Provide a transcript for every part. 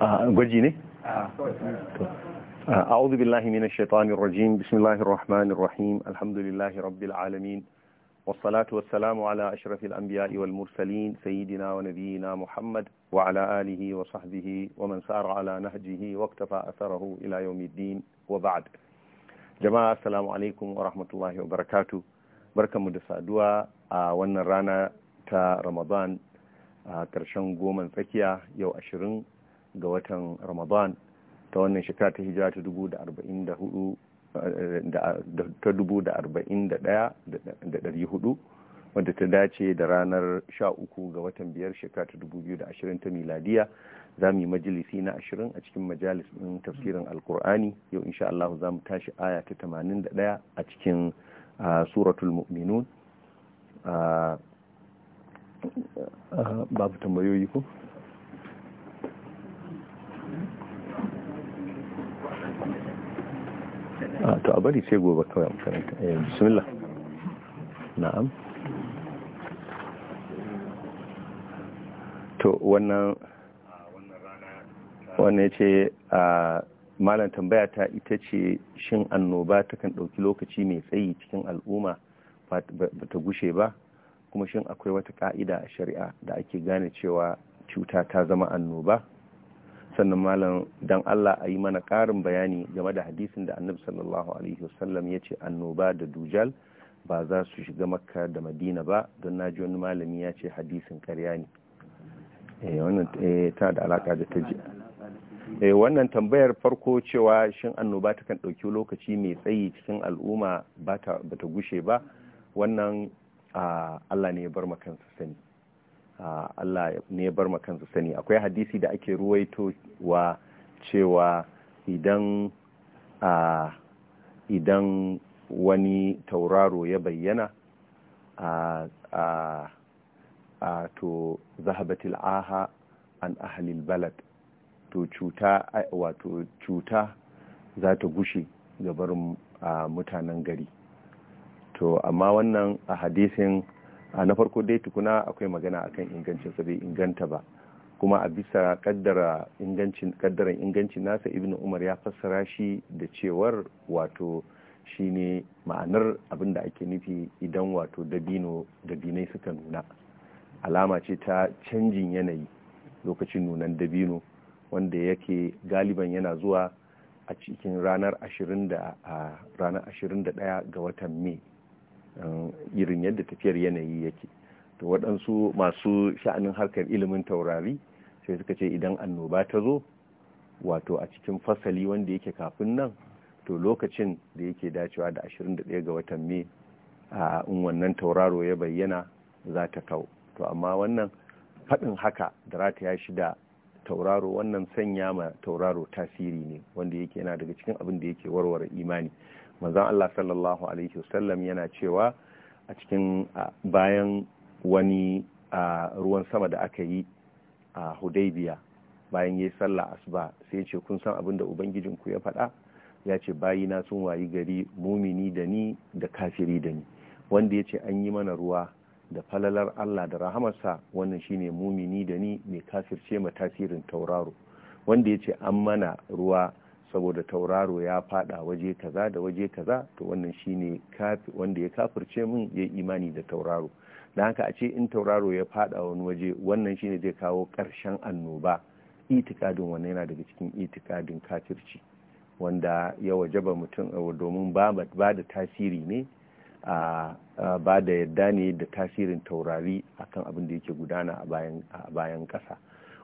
gwaji ne? أعوذ بالله من الشيطان الرجيم بسم الله الرحمن الرحيم الحمد لله رب العالمين والصلاة والسلام على أشرف الأنبياء والمرسلين سيدنا ونبينا محمد وعلى آله وصحبه ومن سار على نهجه واقتفى أثره إلى يوم الدين وبعد جماعة السلام عليكم ورحمة الله وبركاته بركة مدسة دواء وانا رانا تا رمضان كرشان قوما فكيا يو أشرين ga watan ramadan ta wannan shekara ta hijira ta dubu da arba'in da hudu ta dubu da arba'in da ɗaya da dari hudu wadda ta dace da ranar sha uku ga watan biyar shekara ta dubu biyu da ashirin ta miladiya za mu yi majalisi na ashirin a cikin majalis ɗin tafsirin alkur'ani yau insha Allah za mu tashi aya ta tamanin da ɗaya a cikin suratul mu'minun babu tambayoyi ko Ah, to a bari sai gobe kawai makaranta eh, bismillah na'am to wannan wannan ya ce malam tambaya ta ita ce shin annoba takan ɗauki lokaci mai tsayi cikin al'umma ba ta gushe ba kuma shin akwai wata ka'ida a shari'a da ake gane cewa cuta ta zama annoba sannan malam dan Allah a yi mana ƙarin bayani game da hadisin da annabi sallallahu alaihi wasallam ya ce annoba da dujal ba za su shiga makka da madina ba don na ji wani malami ya ce hadisin karya ne eh, wannan eh, eh wannan tambayar farko cewa shin annoba ta kan ɗauki lokaci mai tsayi cikin al'umma ba ta gushe ba wannan ah, Allah ne ya bar makansa sani Allah ne ya bar kansa sani akwai hadisi da ake ruwaito wa cewa idan idan wani tauraro ya bayyana a to zahabatil aha an ahalil balad to cuta wato cuta za ta gushe gabar mutanen gari to amma wannan a hadisin a na farko dai tukuna akwai magana akan ingancin sa bai inganta ba kuma a bisa kaddara ingancin nasa ibn umar ya fassara shi da cewar wato shine ma'anar abin da ake nufi idan wato dabino dabinai suka nuna alama ce ta canjin yanayi lokacin nunan dabino wanda yake galiban yana zuwa a cikin ranar 21 ga watan mai irin yadda tafiyar yanayi yake to waɗansu masu sha'anin harkar ilimin taurari sai suka ce idan annoba ta zo wato a cikin fasali wanda yake kafin nan to lokacin da yake dacewa da 21 ga watan mai a in wannan tauraro ya bayyana za ta kau to amma wannan faɗin haka da rataya shi da tauraro wannan sanya ma tauraro tasiri ne wanda yake yana daga cikin abin da yake warware imani manzan Allah sallallahu alaihi wasallam yana cewa a cikin bayan wani ruwan sama da aka yi a Hudaybiya bayan yayi sallah asuba sai ya ce kun san abin da ku ya faɗa ya ce bayina sun wayi gari mumini da ni da kafiri da ni wanda ya ce an yi mana ruwa da falalar Allah da rahamarsa wannan shine mumini da ni mai kafirce ma tasirin tauraro wanda ya ce an mana ruwa saboda tauraro ya fada waje kaza da waje kaza to wannan shine wanda ya kafirce min ya imani da tauraro da haka a ce in tauraro ya fada wani waje wannan shine zai kawo karshen annoba itikadin wannan yana daga cikin itikadin kafirci wanda ya wajaba mutum eh, domin ba da tasiri ne a ba da yadda ne da tasirin taurari akan abin da yake gudana a bayan ƙasa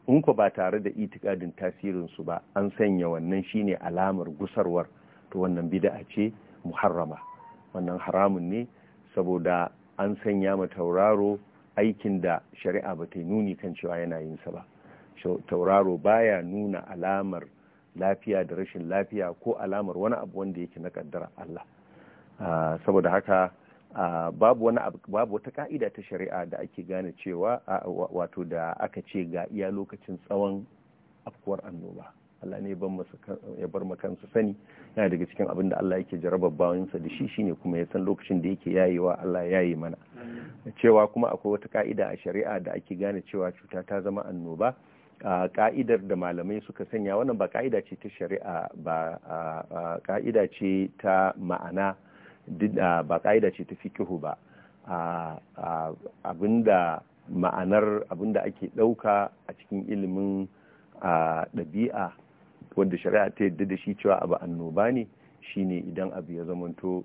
in ku ba tare da itikadin tasirin su ba an sanya wannan shine alamar gusarwar to wannan bid'a ce muharrama wannan haramun ne saboda an sanya ma tauraro aikin da shari'a ba ta nuni kan cewa yana yin sa ba tauraro baya nuna alamar lafiya da rashin lafiya ko alamar wani abu wanda yake na kaddara Allah ah, saboda haka babu wani babu wata ka'ida ta shari'a da ake gane cewa wato da aka ce ga iya lokacin tsawon afkuwar annoba Allah ne ya bar makansu sani yana daga cikin abin da Allah yake jarabar bawansa da shi shine kuma ya san lokacin da yake yayewa Allah ya yi mana cewa kuma akwai wata ka'ida a shari'a da ake gane cewa cuta ta zama annoba ka'idar da malamai suka sanya wannan ba ka'ida ce ta shari'a ba ka'ida ce ta ma'ana Ah, ba ka'ida ce ta fikihu ba ah, ah, abinda ma'anar abinda ake ɗauka a cikin ilimin ɗabi'a wadda shari'a ta yadda da shi cewa abu annoba ne shine idan abu ya zamanto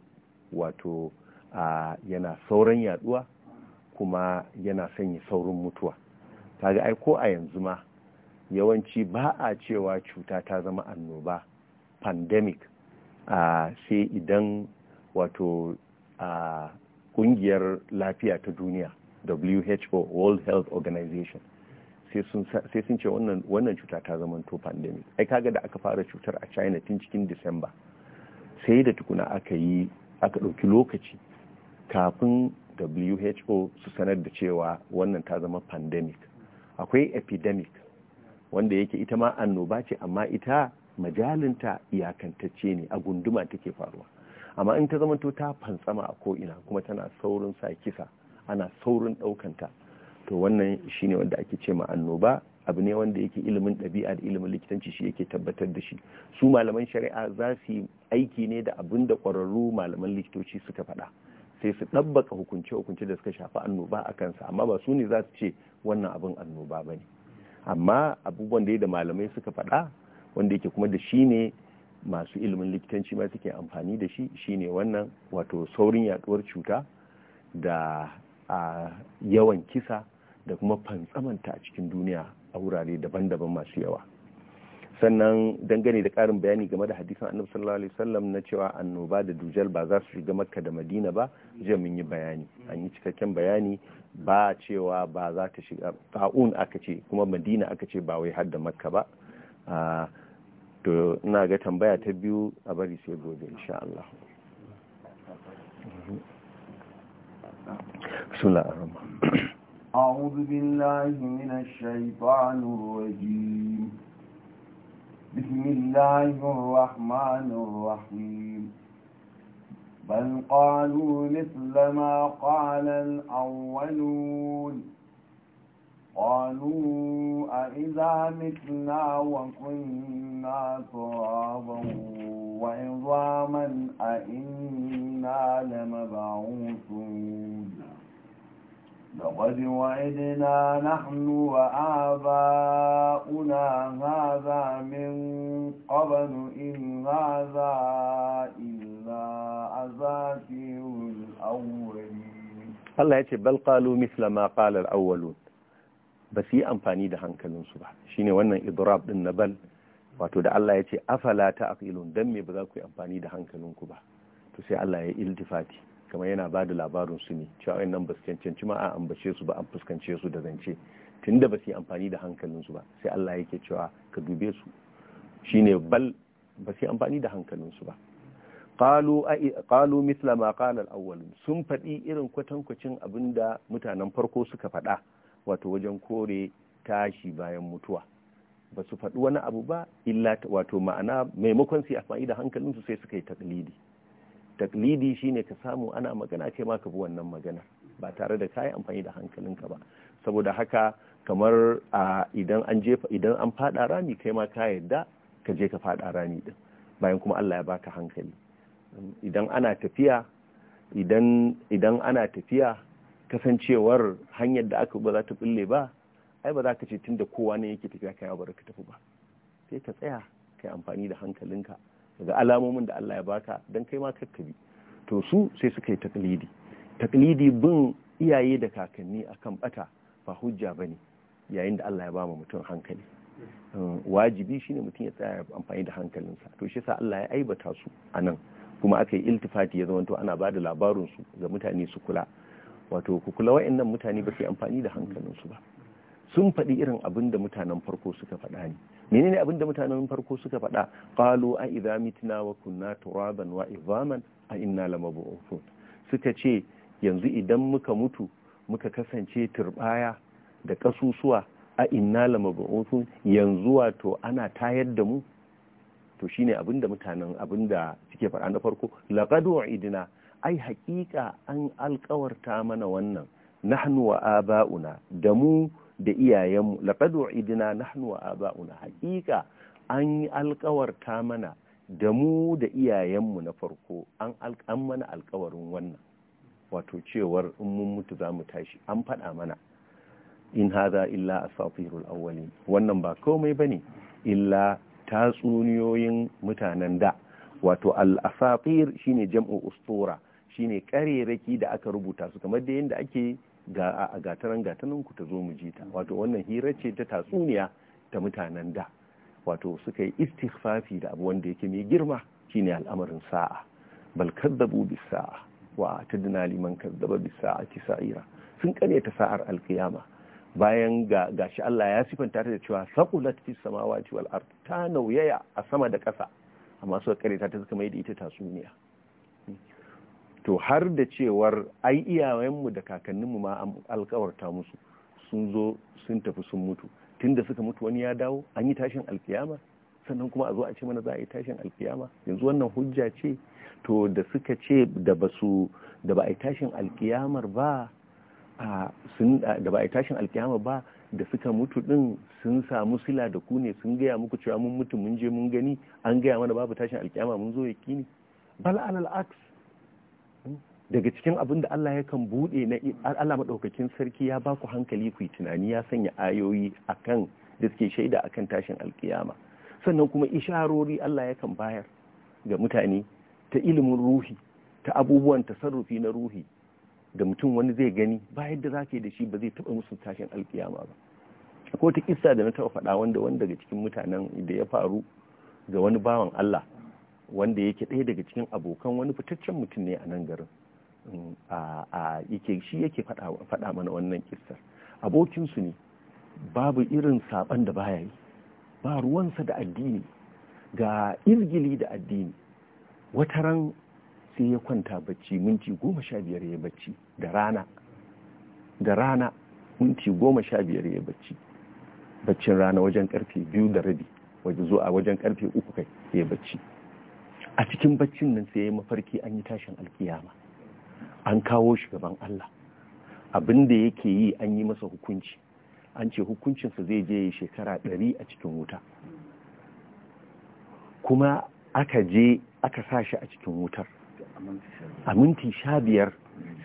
wato yana sauran yaduwa kuma yana sanya saurin mutuwa kaga ai ko a yanzu ma yawanci ba a cewa cuta ta zama annoba pandemic sai idan wato a kungiyar lafiya ta duniya WHO World Health Organization sai sun ce wannan cuta ta to pandemic ai kaga da aka fara cutar a China tun cikin Disamba sai da tukuna aka yi aka ɗauki lokaci kafin WHO su sanar da cewa wannan ta zama pandemic akwai epidemic wanda yake ita ma annoba ce amma ita majalinta iyakantacce ne a gunduma take faruwa amma in ta zama to ta fantsama a ko ina kuma tana saurin sa kisa ana saurin ɗaukanta to wannan shine wanda ake ce ma annoba abu ne wanda yake ilimin ɗabi'a da ilimin likitanci shi yake tabbatar da shi su malaman shari'a za su yi aiki ne da abin da ƙwararru malaman likitoci suka faɗa sai su ɗabbaka hukunce-hukunce da suka shafi annoba a kansa amma ba su ne za su ce wannan abin annoba ba ne amma abubuwan da ya da malamai suka faɗa wanda yake kuma da shi ne masu ilimin likitanci ma suke amfani da shi shine wannan wato saurin yaduwar cuta da a yawan kisa da kuma fantsamanta a cikin duniya a wurare daban-daban masu yawa sannan dangane da karin bayani game da hadisan annabi sallallahu alaihi wasallam na cewa annoba da dujal ba za su shiga makka da madina ba jiya mun yi bayani an yi cikakken bayani ba cewa ba za ta shiga ta'un aka ce kuma madina aka ce ba wai har da makka ba to na ga tambaya ta biyu a bari sai gobe insha Allah suna a rama a'udubin lahimin shaifanin waje bismillahir rahmanir rahim bal qalu mithla ma qala al awwalun قالوا أئذا متنا وكنا ترابا وعظاما أئنا لمبعوثون لقد وعدنا نحن وآباؤنا هذا من قبل إن هذا إلا أساتير الأولين الله يقول بل قالوا مثل ما قال الأولون ba su yi amfani da hankalinsu ba Shi ne wannan idrab din na bal wato da Allah ya ce afala ta aqilun dan me ba za ku yi amfani da hankalinku ba to sai Allah ya iltifati kamar yana ba da labarin su ne cewa wayannan ba su cancanci ma a ambace su ba an fuskance su da zance tunda ba su yi amfani da hankalinsu ba sai Allah yake cewa ka dube su shine bal ba su yi amfani da hankalinsu ba Kalo mithla ma qala sun faɗi irin kwatankwacin abinda mutanen farko suka faɗa wato wajen kore tashi bayan mutuwa ba su faɗi wani abu ba illa wato ma'ana maimakon su amfani da su sai suka yi taklidi taklidi shine ka samu ana magana kai ma ka bi wannan magana ba tare da kayi amfani da hankalinka ba saboda haka kamar idan an jefa idan an faɗa rami kai ma ka yadda ka je ka faɗa rami din bayan kuma Allah ya baka hankali idan ana tafiya idan idan ana tafiya kasancewar hanyar da aka ba za ta bulle ba ai ba za ka ce tun da kowa ne yake tafiya kai bar ka tafi ba sai ka tsaya kai amfani da hankalinka daga alamomin da Allah ya baka dan kai ma kakkabi to su sai suka yi taklidi taklidi bin iyaye da kakanni akan bata ba hujja bane yayin da Allah ya ba mutum hankali mm, wajibi shine mutum ya tsaya amfani da hankalinsa to shi yasa Allah ya aibata su anan kuma aka yi iltifati ya zama to ana bada da labarin su ga mutane su kula wato ku kula wa'annan mutane ba su amfani da hankalinsu ba sun faɗi irin abin da mutanen farko suka faɗa ne menene abin da mutanen farko suka faɗa qalu a idza mitna wa kunna turaban wa izaman a inna lamab'uthun suka ce yanzu idan muka mutu muka kasance turbaya da kasusuwa a inna lamab'uthun yanzu wato ana tayar da mu to shine abin da mutanen abin da suke faɗa na farko laqad idina. ai haƙiƙa an alkawarta mana wannan nahnu wa aba'una da mu da iyayenmu laqad u'idna nahnu wa aba'una haƙiƙa an alƙawarta mana da mu da iyayenmu na farko an an mana alƙawarin wannan wato cewar in mun mutu za mu tashi an faɗa mana in hadha illa asatirul awwalin wannan ba komai bane illa tatsuniyoyin mutanen da wato al-asatir shine jam'u ustura shine kareraki da aka rubuta su kamar da yadda ake ga a gataran gatanan ku ta zo mu ta wato wannan hira ce ta tatsuniya ta mutanen da wato suka yi istighfafi da abu wanda yake mai girma shine al'amarin sa'a bal kadzabu bis sa'a wa tadna liman kadzaba bis sa'ati sa'ira sun ta sa'ar alkiyama bayan ga gashi Allah ya sifanta ta da cewa saqulat fis samawati wal ard ta nauyaya a sama da ƙasa amma suka ta ta suka mai da ita tatsuniya to har da cewar ai iyayenmu da kakanninmu ma an alkawarta musu sun zo sun tafi sun mutu tunda suka mutu wani ya dawo an yi tashin alkiyama sannan kuma a zo a ce mana za a yi tashin alkiyama yanzu wannan hujja ce to da suka ce da ba su da ba a yi tashin alkiyamar ba sun da ba a yi tashin alkiyama ba da suka mutu din sun samu sila da ku ne sun gaya muku cewa mun mutu mun je mun gani an gaya mana babu tashin alkiyama mun zo yaki ne bal alal aks daga cikin abin da Allah kan buɗe na Allah maɗaukakin sarki ya ba ku hankali ku yi tunani ya sanya ayoyi kan da suke shaida a kan tashin alkiyama sannan kuma isharori Allah ya kan bayar ga mutane ta ilimin ruhi ta abubuwan tasarrufi na ruhi da mutum wani zai gani ba yadda za yi da shi ba zai taɓa musu tashin alkiyama ba ko ta kissa da na taɓa faɗa wanda wani daga cikin mutanen da ya faru ga wani bawan Allah wanda yake ɗaya daga cikin abokan wani fitaccen mutum ne a nan garin a yake shi yake fada mana wannan kissar abokinsu ne babu irin saban da baya yi ba ruwansa da addini ga izgili da addini wataran sai ya kwanta bacci minti goma sha biyar ya bacci da rana da rana minti goma sha biyar ya bacci baccin rana wajen karfe biyu da rabi wajen zuwa wajen karfe uku kai ya bacci a cikin baccin nan sai ya mafarki an yi tashin alkiyama an kawo shi gaban Allah abin da yake yi an yi masa hukunci an ce hukuncinsa zai je shekara ɗari a cikin wuta kuma aka je aka sa shi a cikin wutar a minti sha biyar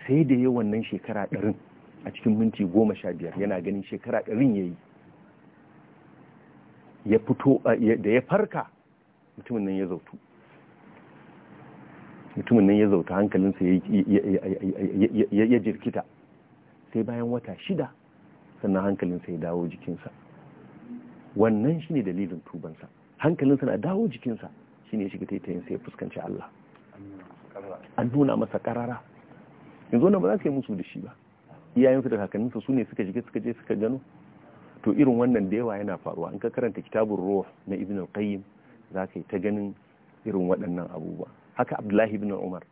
sai da yi wannan shekara ɗarin a cikin minti goma sha biyar yana ganin shekara ɗarin ya yi ya fito da ya farka mutumin nan ya zautu mutumin nan ya zauta hankalinsa ya jirkita sai bayan wata shida sannan hankalinsa ya dawo jikinsa wannan shine dalilin tubansa hankalinsa na dawo jikinsa shine ne shiga taitayin sai ya fuskanci Allah an nuna masa karara yanzu wannan ba za su yi musu da shi ba iyayensu da kakanninsa su ne suka shiga suka je suka gano to irin wannan da yawa yana faruwa in ka karanta kitabun Ruwa na ibn al-qayyim za ka yi ta ganin irin waɗannan abubuwa haka abdullahi ibn umar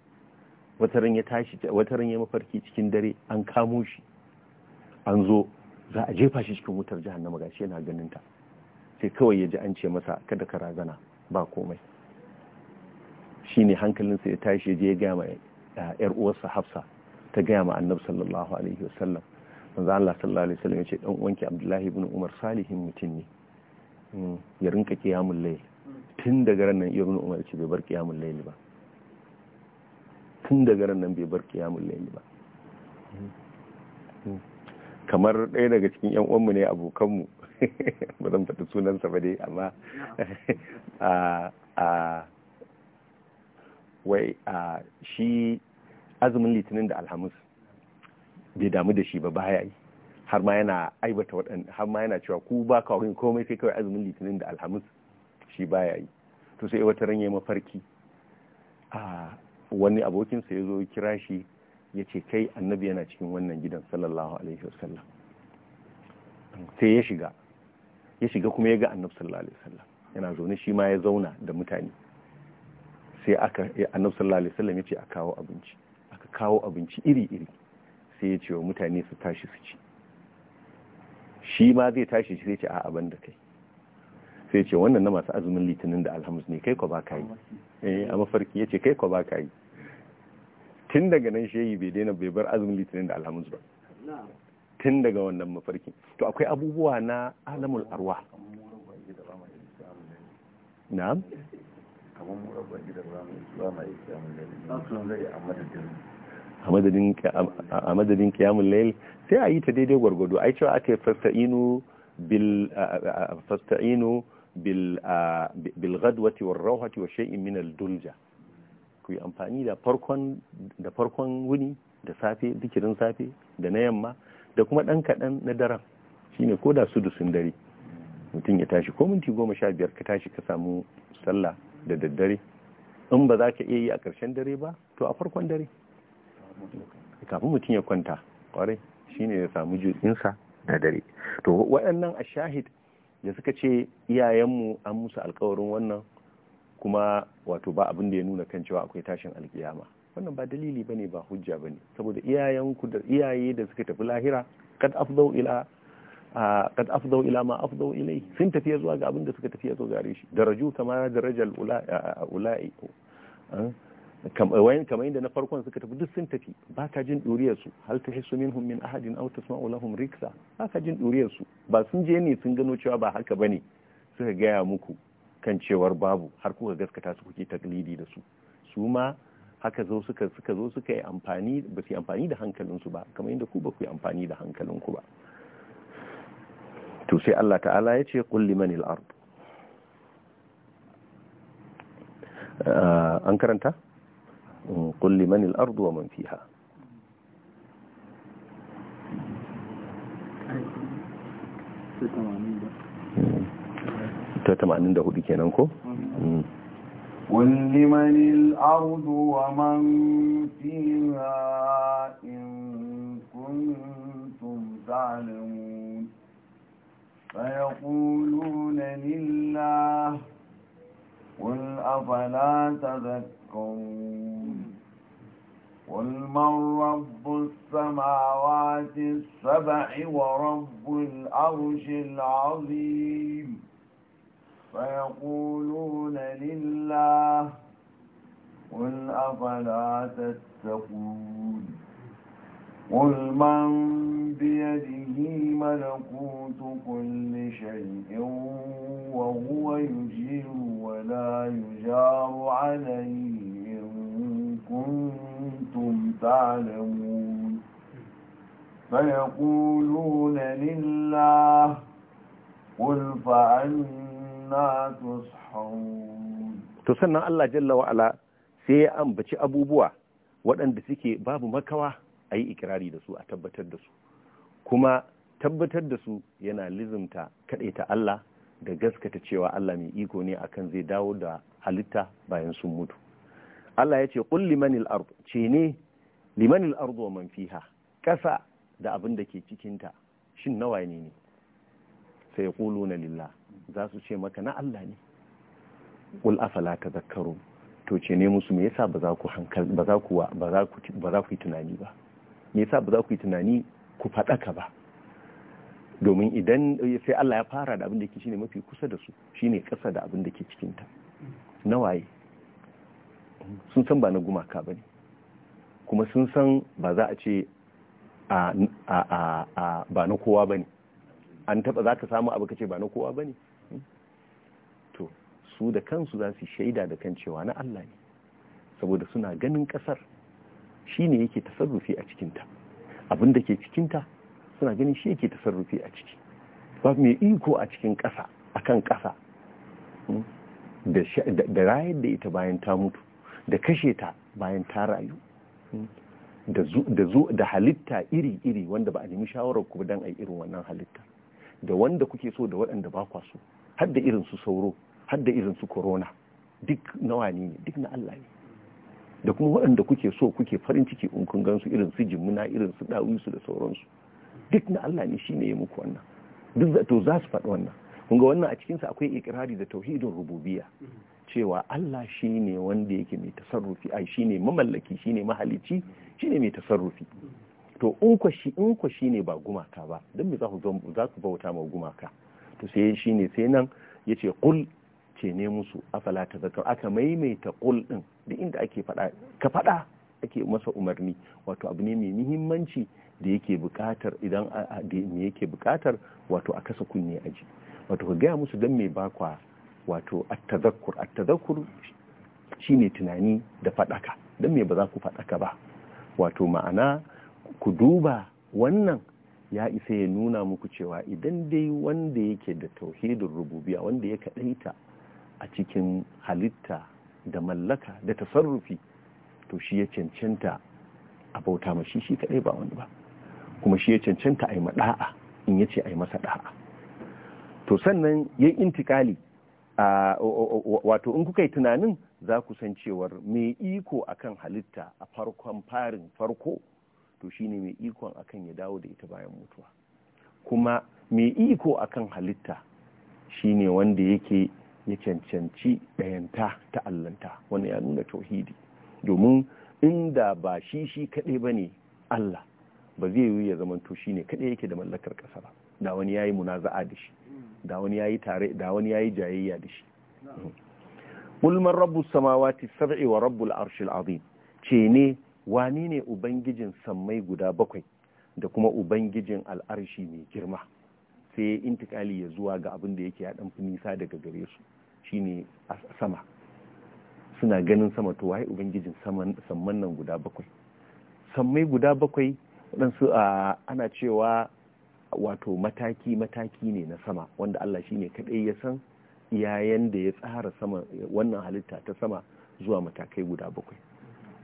wataran ya tashi wataran ya mafarki cikin dare an kamo shi an zo za a jefa shi cikin wutar jahannama gashi yana ganin ta sai kawai ya ji an ce masa kada ka razana ba komai shine hankalinsa ya tashi ya je ya gaya ma eh, yar uwarsa hafsa ta gaya ma annabi sallallahu alaihi wasallam manzo Allah sallallahu alaihi wasallam ya ce dan uwanki abdullahi ibn umar salihin mutum ne hmm, ya rinka qiyamul layl tun daga ran nan ibn umar ce bai bar qiyamul layl ba tun daga garin nan bai bar kiyamun laili ba kamar ɗaya daga cikin yan uwanmu ne abokanmu ba zan faɗi sunansa ba dai amma a a wai a shi azumin litinin da alhamis bai damu da shi ba baya yi har ma yana aibata waɗanda har ma yana cewa ku ba kawai komai sai kawai azumin litinin da alhamis shi baya yi to sai wata ran yayi mafarki a wani abokinsa ya zo kira shi ya ce kai annabi yana cikin wannan gidan sallallahu alaihi wasallam sai ya shiga ya shiga kuma ya ga annabi sallallahu alaihi wasallam yana zaune shi ma ya zauna da mutane sai aka annabi sallallahu alaihi wasallam ya ce a kawo abinci aka kawo abinci iri-iri sai ya ce wa mutane su tashi su ci shi ma zai tashi shi zai ce a ban da kai sai ce wannan na masu azumin litinin da alhamis ne kai ko ba ka yi a mafarki eh, ya ce kai ko ba ka yi tun daga nan shehi bai daina bai bar azumin litinin da alhamis ba tun daga wannan mafarki to akwai abubuwa na alamul arwa na'am a madadin kiyamun layil sai a yi ta daidai gwargwado yi cewa ake fasta'inu bil fasta'inu bil gadwati war wa shay'in min al dulja amfani da farkon da farkon wuni da safe zikirin safe da na yamma da kuma ɗan kaɗan na daren shine ko da sun dare mutum ya tashi ko minti goma sha biyar ka tashi ka samu sallah da daddare in ba za ka iya yi a ƙarshen dare ba to a farkon dare kafin mutum ya kwanta kwarai shine ya samu jinsa na dare to waɗannan a shahid da suka ce iyayenmu an musu alkawarin wannan kuma wato ba abin da ya nuna kan cewa akwai tashin alkiyama wannan ba dalili bane ba hujja bane saboda iyayenku da iyaye da suka tafi lahira kad afdau ila kad afdau ila ma afdau ilai sun tafi zuwa ga abin da suka tafi zuwa gare shi daraju kama darajal ula'i kamar yadda na farkon suka tafi duk sun tafi ba ka jin ɗuriyarsu hal ta hisu min min ahadin au tasma'u lahum riksa ba ka jin ɗuriyarsu ba sun je ne sun gano cewa ba haka bane suka gaya muku kan cewar babu har kuka gaskata su kuke taklidi da su su ma haka zo suka suka zo suka yi amfani ba su yi amfani da hankalinsu ba kamar yadda ku ba ku yi amfani da hankalinku ba to sai Allah ta'ala ya ce qul liman al-ard ah, an karanta mm, qul liman al-ard wa man fiha Thank ta 84 kenan ko قل لمن الأرض ومن فيها إن كنتم تعلمون فيقولون لله قل أفلا تذكرون قل من رب السماوات السبع ورب الأرش العظيم فيقولون لله قل أفلا تتقون قل من بيده ملكوت كل شيء وهو يجير ولا يجار عليه إن كنتم تعلمون فيقولون لله قل فأنت to sannan Allah jalla wa sai ya ambaci abubuwa waɗanda suke babu makawa a yi ikirari da su a tabbatar da su kuma tabbatar da su yana lizimta ta Allah da gaskata cewa Allah mai iko ne akan zai dawo da halitta bayan sun mutu Allah ya ce Ƙun limanil ardu ce ne limanil ardu wa man fiha ƙasa da abin da ke cikinta shin nawa ne ne sai na lillah za su ce maka na Allah ne ƙul afala ta zakaru to ce ne musu me yasa ba za ku yi tunani ba me yasa ba za ku yi tunani ku faɗaka ba domin idan sai Allah ya fara da abin da ke shine mafi kusa da su shine kasa da abin da ke cikin na waye sun san ba na gumaka bane kuma sun san ba za a ce ba na kowa bane an taba za ka samu abu kace ba na kowa bane ne to su da kansu za su shaida da kan cewa na Allah ne saboda suna ganin kasar shine yake tasarrufi a cikinta abin da ke cikinta suna ganin shi yake tasarrufi a ciki ba me iko a cikin ƙasa akan kasa da rayar da ita bayan ta mutu da kashe ta bayan ta rayu da halitta iri-iri wanda ba a nemi shawarar ku don a irin wannan halitta da wanda kuke so da waɗanda ba kwa so har da irin su sauro har irin su corona duk nawa ne duk na Allah ne da kuma waɗanda kuke so kuke farin ciki in kun gansu irin su jimuna irin su dawisu da sauransu duk na Allah ne shine ya muku wannan duk da to za su faɗi wannan kun ga wannan a cikin sa akwai ikrari da tauhidin rububiyya cewa Allah shine wanda yake mai tasarrufi ai shine mamallaki shine mahalici shine mai tasarrufi to in kwashi in kwashi ne ba gumaka ba don me za ku za ku bauta ma gumaka to sai shi ne sai nan yace kul ce ne musu afala zaka aka maimaita kul din da inda ake fada ka fada ake masa umarni wato abu ne mai muhimmanci da yake bukatar idan me yake bukatar wato a kasa kunne aji wato ka gaya musu don me bakwa wato at-tazakkur at-tazakkur shine tunani da faɗaka don me ba za ku fadaka ba wato ma'ana ku duba wannan ya isa ya nuna muku cewa idan dai wanda yake da tauhidin rububiya wanda ya kaɗaita a cikin halitta da mallaka da tasarrufi to shi ya cancanta a bauta mashi shi kaɗai ba wani ba kuma shi ya cancanta a yi maɗa'a in ya ce a yi masa ɗa'a to sannan ya yi intikali wato in kuka yi tunanin za ku san cewar mai iko akan halitta a farkon farin farko to shine mai ikon akan ya dawo da ita bayan mutuwa kuma mai iko akan halitta shine wanda yake ya cancanci ɗayanta ta allanta wanda ya nuna tauhidi domin inda ba shi shi kaɗai ba ne allah ba zai yi ya zamanto to shine kaɗai yake da mallakar ƙasa ba da wani ya munaza'a da shi da wani yayi tare da wani ya jayayya da shi ulmar rabbus samawati sab'i wa rabbul arshil azim ce ne wani ne ubangijin sammai guda bakwai da kuma ubangijin al'arshi mai girma sai ya intikali ya zuwa ga abin da yake ya dan nisa daga gare su shine sama suna ganin sama to waye ubangijin samman nan guda bakwai sammai guda bakwai waɗansu ana cewa wato mataki-mataki ne na sama wanda Allah shi ne kaɗai ya san yayan da ya tsara wannan halitta ta sama zuwa matakai guda bakwai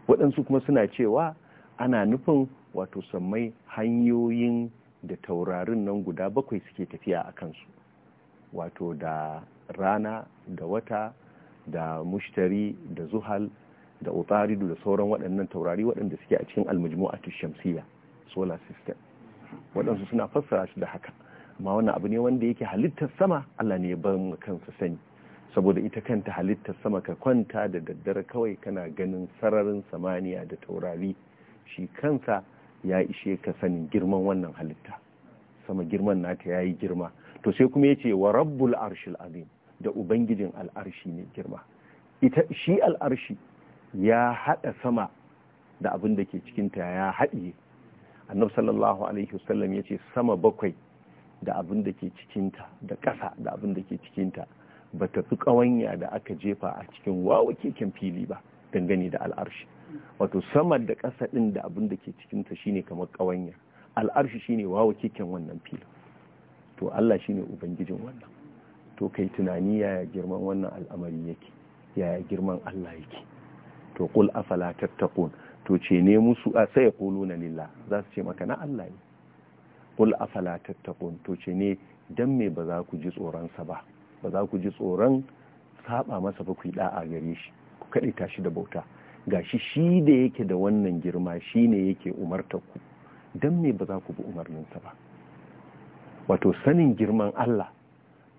waɗansu kuma suna cewa ana nufin wato sammai hanyoyin da taurarin nan guda bakwai suke tafiya a kansu wato da rana da wata da mushtari da zuhal da utaridu da sauran waɗannan taurari waɗanda suke a cikin a shamsiyya solar system waɗansu suna fassara su da haka amma wannan abu ne wanda yake halittar sama Allah ne ya bar mu kansa sani saboda ita kanta halittar sama ka kwanta da daddare kawai kana ganin sararin samaniya da taurari shi kansa ya ishe ka sanin girman wannan halitta sama girman nata ya yi girma to sai kuma ya ce wa rabbul arshil azim da ubangijin al'arshi ne girma ita shi al'arshi ya haɗa sama da abin da ke cikinta ya haɗiye annabi sallallahu alaihi wasallam ya ce sama bakwai da abin da ke cikinta da ƙasa da abin da ke cikinta ba ta fi ƙawanya da aka jefa a cikin wawa keken fili ba dangane da al'arshi wato sama da ƙasa ɗin da abin da ke cikinta shine kamar ƙawanya al'arshi shine wawa keken wannan fili to Allah shine ubangijin wannan to kai tunani yaya girman wannan al'amari yake yaya girman Allah yake to qul afala tattaqun to ce ne musu a sai quluna lillah za su ce maka na Allah ne qul afala tattaqun to ce ne dan me ba za ku ji tsoron sa ba ba za ku ji tsoron saba masa ba ku yi da'a gare shi ku kaɗai tashi da bauta gashi shi da yake da wannan girma shi ne yake umartar ku don me ba za ku bi umarninsa ba wato sanin girman Allah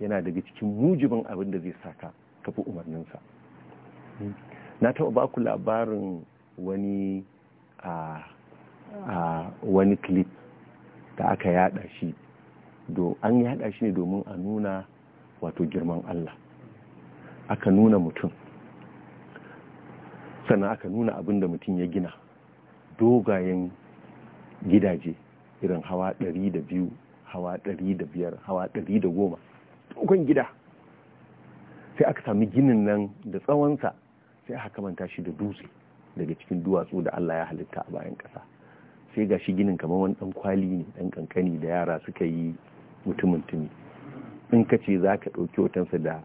yana daga cikin mujibin abin da zai saka ka bi umarninsa na taɓa ba ku labarin wani a wani clip da aka yada shi do an yada shi ne domin a nuna wato girman Allah aka nuna mutum sannan aka nuna abin da mutum ya gina dogayen gidaje irin hawa ɗari da biyu, hawa ɗari hawa ɗari goma, dogon gida sai aka sami ginin nan da tsawonsa sai aka kamanta shi da dutse daga cikin duwatsu da Allah ya halitta a bayan ƙasa sai ga shi ginin kamar wani ɗan kwali ne ɗan kankani da yara suka yi mutumin tuni in ka ce za ka ɗauki watansa da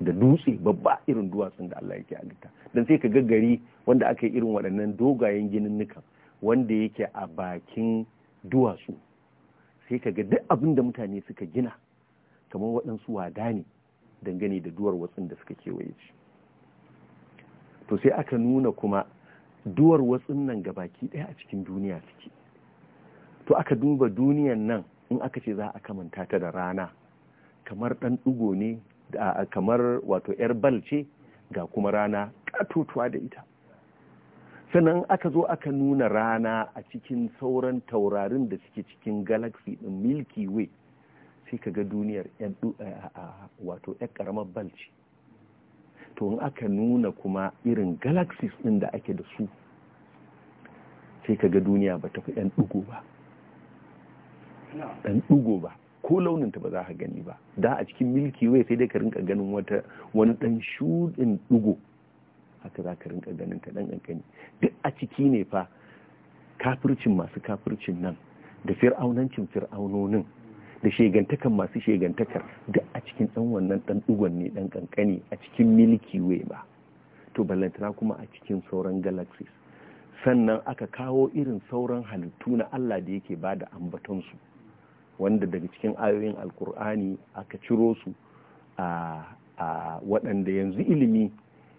da dutse babba irin duwatsun da Allah yake halitta don sai ka gaggari wanda aka yi irin waɗannan dogayen ginin nukan wanda yake a bakin duwatsu sai ka ga duk abin da mutane suka gina kamar waɗansu wada ne dangane da duwar watsun da suka kewaye shi to sai aka nuna kuma duwar watsun nan ga baki ɗaya a cikin duniya suke to aka duba duniyan nan in aka ce za a kamanta ta da rana kamar ɗan ɗugo ne kamar wato 'yar bal ga kuma rana katotuwa da ita sannan aka zo aka nuna rana a cikin sauran taurarin da suke cikin galaxy ɗin milky way sai ka ga duniyar wato 'yar ƙaramar bal to in aka nuna kuma irin galaxies ɗin da ake da su sai ka ga duniya ba ta fi 'yan ɗugo ba dan ɗugo ba ko launinta ba za ka gani ba da a cikin milki wai sai dai ka rinka ganin wata wani dan shuɗin ɗugo haka za ka rinka ganin ta dan kankani duk a ciki ne fa kafircin masu kafircin nan da fir'aunancin fir'aunonin da shegantakan masu shegantakar duk a cikin ɗan wannan ɗan ɗigon ne ɗan ƙanƙani a cikin milki wai ba to ballantana kuma a cikin sauran galaxies sannan aka kawo irin sauran halittu na Allah da yake ba da ambatonsu wanda daga cikin ayoyin alkur'ani aka ciro su a waɗanda yanzu ilimi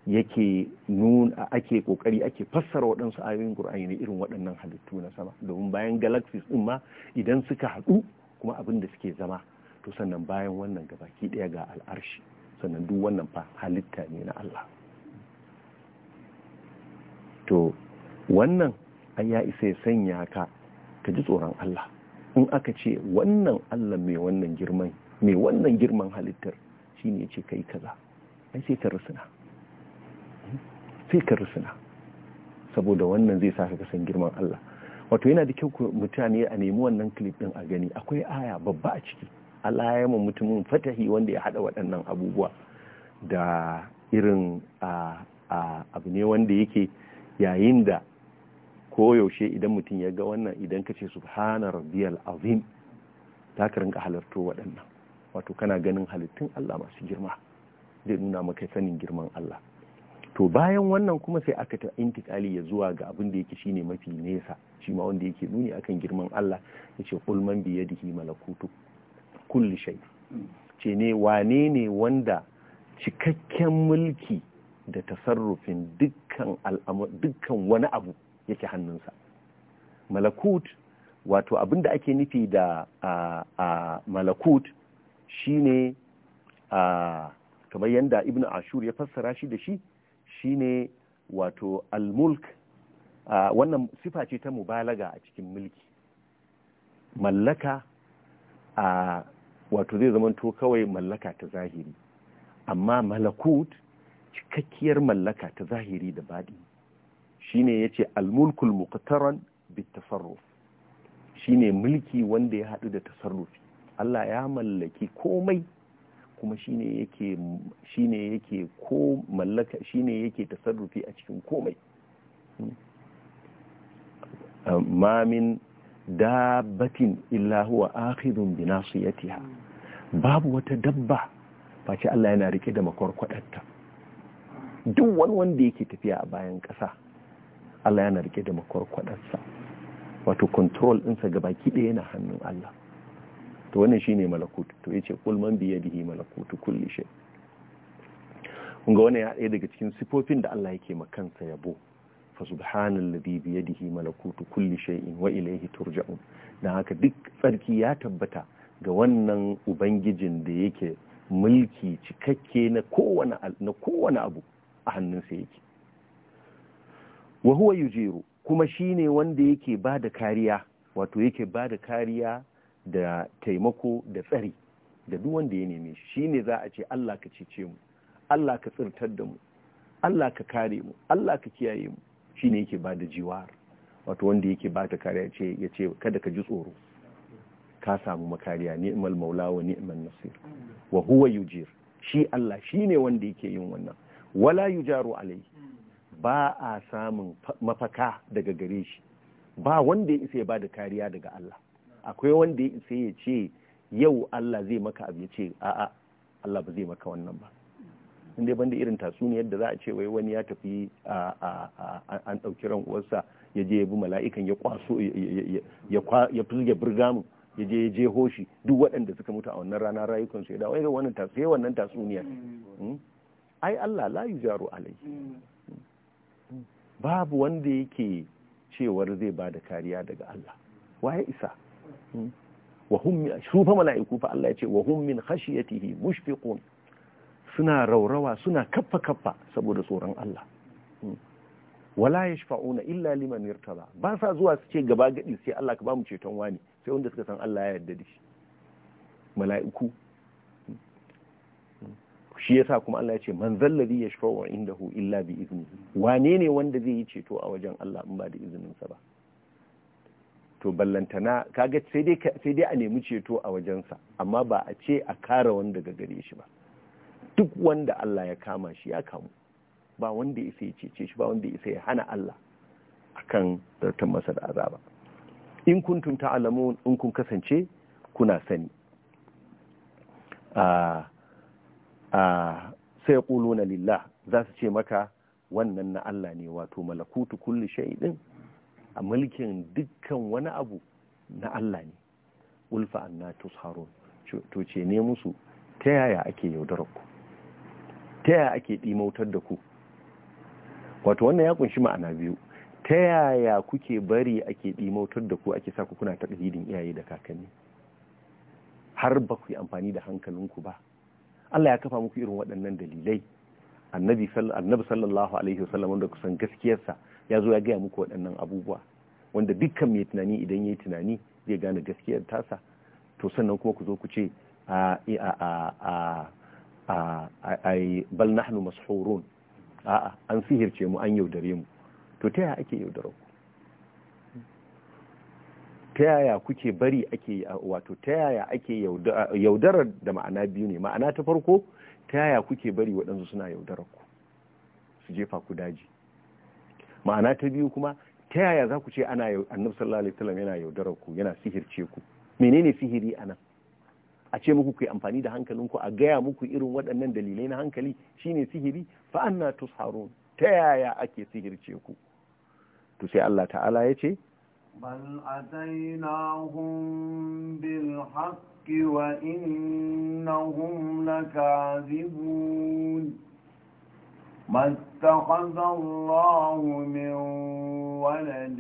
yake nun ake ƙoƙari ake fassara waɗansu ayoyin qur'ani ne irin waɗannan halittu na sama domin bayan galaxies din ma idan suka haɗu kuma abin da suke zama to sannan bayan wannan gabaki ɗaya ga al'arshi sannan duk wannan fa halitta ne na Allah to wannan an ya isa ya sanya ka ka ji tsoron Allah in aka ce wannan Allah mai wannan girman mai wannan girman halittar shine ce kai kaza ai sai ka rusuna sai ka rusuna saboda wannan zai sa ka san girman Allah wato yana da kyau mutane a nemi wannan clip din a gani akwai aya babba a ciki Allah ya yi mutumin fatahi wanda ya hada waɗannan abubuwa da irin abu ne wanda yake yayin da koyaushe idan mutum ya ga wannan idan ka ce subhana rabbiyal azim ta ka rinka halarto waɗannan wato kana ganin halittun Allah masu girma zai nuna maka sanin girman Allah to bayan wannan kuma sai aka ta intikali ya zuwa ga abin da yake shine mafi nesa shi ma wanda yake nuni akan girman Allah yace qul man bi yadihi malakutu kulli shay ce ne wane ne wanda cikakken mulki da tasarrufin dukkan dukkan wani abu yake hannunsa malakut wato abin da ake nufi da a malakut shine a kamar yadda ibn ashur ya fassara shi da shi shine wato almulk wannan sifa ce ta mubalaga a cikin mulki mallaka a wato zai zamanto kawai mallaka ta zahiri amma malakut cikakkiyar mallaka ta zahiri da baɗi shine yace al-mulkul muqtaran bit shine mulki wanda ya hadu da tasarrufi Allah ya mallaki komai kuma shine yake shine yake ko mallaka shine yake tasarrufi a cikin komai amma min dabbatin illa huwa akhidun bi nasiyatiha babu wata dabba face Allah yana rike da makwarkwadarta duk wani wanda yake tafiya a bayan kasa. Allah yana rike da makwarkwadarsa wato control ɗinsa ga baki ɗaya yana hannun Allah to wannan shine malakutu to yace kul man bi yadihi malakutu kulli shay kun ga ya ɗaya daga cikin sifofin da Allah yake makansa yabo fa ladhi bi yadihi malakutu kulli shay'in wa ilayhi turja'un dan haka duk tsarki ya tabbata ga wannan ubangijin da yake mulki cikakke na kowane na kowane abu a hannunsa yake wa huwa yujiru kuma shine wanda yake ba da kariya wato yake ba da kariya da taimako da tsari da duk wanda ya neme shi shine za a ce Allah ka cece mu Allah ka tsirtar da mu Allah ka kare mu Allah ka kiyaye mu shine yake ba da jiwar wato wanda yake ba da kariya ce ya ce kada ka ji tsoro ka samu makariya ni'mal maula wa ni'mal nasir wa huwa yujir shi Allah shine wanda yake yin wannan wala yujaru alai ba a samun mafaka daga gare shi ba wanda ya isa ya bada kariya daga Allah akwai wanda ya isa ya ce yau Allah zai maka abu ya ce a'a Allah ba zai maka wannan ba inda banda irin tatsuniyar da za a ce wai wani ya tafi an ɗauki ran uwarsa ya je ya bi mala'ikan ya kwaso ya fizge burgamu ya je ya je hoshi duk waɗanda suka mutu a wannan rana rayukansu ya dawo irin wannan tatsuniyar wannan hmm? tatsuniyar ai Allah la yujaru alai hmm. babu wanda yake cewar zai ba da kariya daga Allah waye isa hmm. su fa mala'iku fa Allah ya ce wa hum min khashiyatihi mushfiqun suna raurawa suna kaffa kaffa saboda tsoron Allah hmm. wala yashfa'una illa liman yartaba ba sa zuwa su ce gaba gadi sai Allah ka ba mu ceton wani sai wanda suka san Allah ya yarda da shi mala'iku shi yasa kuma Allah ya ce man zallazi yashfa'u indahu illa bi iznihi wane ne wanda zai yi ceto a wajen Allah in ba da iznin sa ba to ballantana kaga sai dai sai dai a nemi ceto a wajen sa amma ba a ce a kara wanda ga gare shi ba duk wanda Allah ya kama shi ya kamu ba wanda isa ya cece shi ba wanda isa ya hana Allah akan zartan masa da azaba in kuntum ta'lamun in kun kasance kuna sani a ah, sai na lillah za su ce maka wannan na Allah ne wato malakutu kulli shaidin a mulkin dukkan wani abu na Allah ne ulfa anna tusharun to ce ne musu ta yaya ake yaudarar ku ta yaya ake dimautar da ku wato wannan ya kunshi ma'ana biyu ta yaya kuke bari ake dimautar da ku ake sa ku kuna hidin iyaye da kakanni har ba ku yi amfani da hankalinku ba Allah ya kafa muku irin waɗannan dalilai annabi sallallahu alaihi wasallam wanda kusan gaskiyarsa ya zo ya gaya muku waɗannan abubuwa wanda dukkan mai tunani idan ya tunani zai gane gaskiyar tasa to sannan kuma ku zo ku ce a bal nahnu mashhurun a'a an sihirce mu an yaudare mu to ta yaya ake yaudarau ta yaya kuke bari ake wato ta yaya ake yaudarar da ma'ana biyu ne ma'ana ta farko ta yaya kuke bari waɗansu suna yaudarar ku su jefa ku daji ma'ana ta biyu kuma ta yaya za ku ce ana annabi sallallahu alaihi wasallam yana yaudarar ku yana sihirce ku menene sihiri anan a ce muku ku amfani da hankalin ku a gaya muku irin waɗannan dalilai na hankali shine sihiri fa anna tusharun ta yaya ake sihirce ku to sai Allah ta'ala ya ce بل أتيناهم بالحق وإنهم لكاذبون ما اتخذ الله من ولد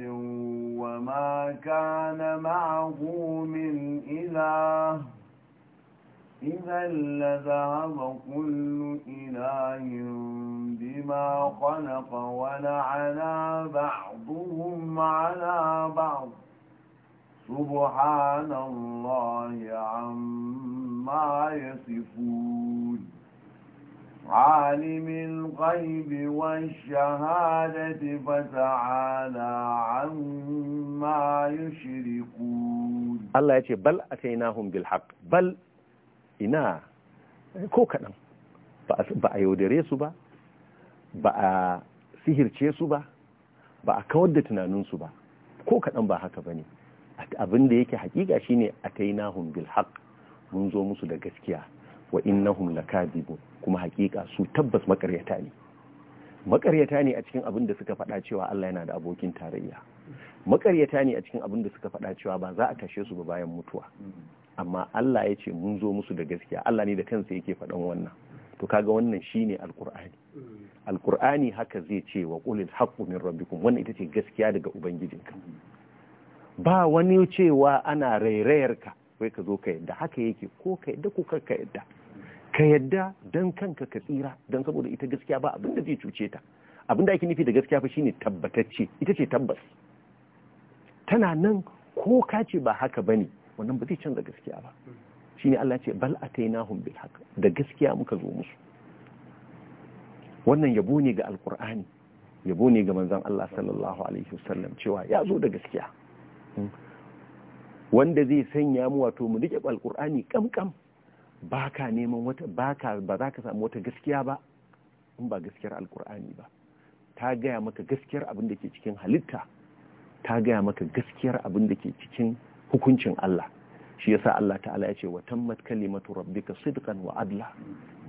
وما كان معه من إله إذا لذهب كل إله بما خلق ولعنا بعضهم على بعض سبحان الله عما يصفون عالم الغيب والشهادة فتعالى عما يشركون الله يقول بل أتيناهم بالحق بل ina ko kaɗan ba a yaudare su ba ba a sihirce su ba ba a kawar da tunaninsu ba ko kaɗan ba haka ba ne abin da yake hakika ne a ta yi nahun bilhaq mun zo musu da gaskiya wa in innahum lakadibu kuma haƙiƙa su tabbas makaryata ne makaryata ne a cikin abin da suka faɗa cewa Allah yana da abokin tarayya makaryata ne a cikin abin da suka faɗa cewa ba za a tashe su ba bayan mutuwa amma Allah ya ce mun zo musu da gaskiya Allah ne da kansa yake faɗan wannan to kaga wannan shine alqur'ani alqur'ani haka zai ce wa qulil haqqu min rabbikum wannan ita ce gaskiya daga ubangijinka ba wani cewa ana rairayarka wai ka zo ka yadda haka yake ko ka yadda ko ka yadda ka yadda dan kanka ka tsira dan saboda ita gaskiya ba abin zai cuce ta abin da ake nufi da gaskiya fa shine tabbatacce ita ce tabbas tana nan ko ka ce ba haka bane wannan ba zai canza gaskiya ba ne Allah ce bal atainahum bil haka da gaskiya muka zo musu wannan yabo ne ga alkur'ani yabo ne ga manzan Allah sallallahu alaihi wasallam cewa ya zo da gaskiya wanda zai sanya mu wato mu rike alkur'ani kamkam baka neman wata baka ba za ka samu wata gaskiya ba in ba gaskiyar alkur'ani ba ta gaya maka gaskiyar abin da ke cikin halitta ta gaya maka gaskiyar abin da ke cikin hukuncin Allah shi yasa Allah ta'ala ya ce wa tammat kalimatu rabbika sidqan wa adla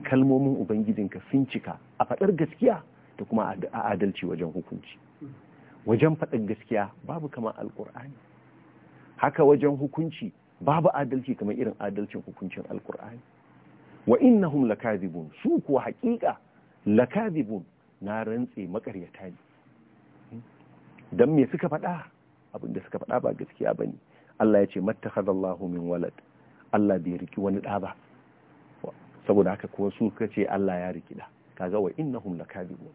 kalmomin ubangijinka sun cika a fadar gaskiya da kuma a adalci wajen hukunci wajen fadar gaskiya babu kamar alqur'ani haka wajen hukunci babu adalci kamar irin adalcin hukuncin alqur'ani wa innahum lakazibun su kuwa haƙiƙa lakazibun na rantse makaryata ne dan me suka faɗa abinda suka faɗa ba gaskiya bane Allah ya ce mattakhadallahu min walad Allah bai riki wani da ba saboda haka kuwa su kace Allah ya riki da kaga wa innahum lakadibun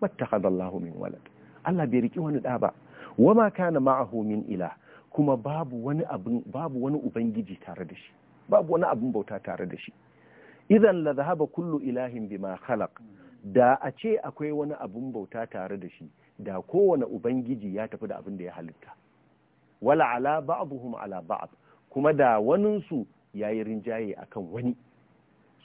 mattakhadallahu min walad Allah bai riki wani da ba wama kana ma'ahu min ilah kuma babu wani ubangiji tare da shi babu wani abin bauta tare da shi idan la zahaba kullu ilahin bima khalaq da a ce akwai wani abin bauta tare da shi da kowane ubangiji ya tafi da abin da ya halitta wala ala ba'dhum ala ba'd kuma da ya yayi rinjaye akan wani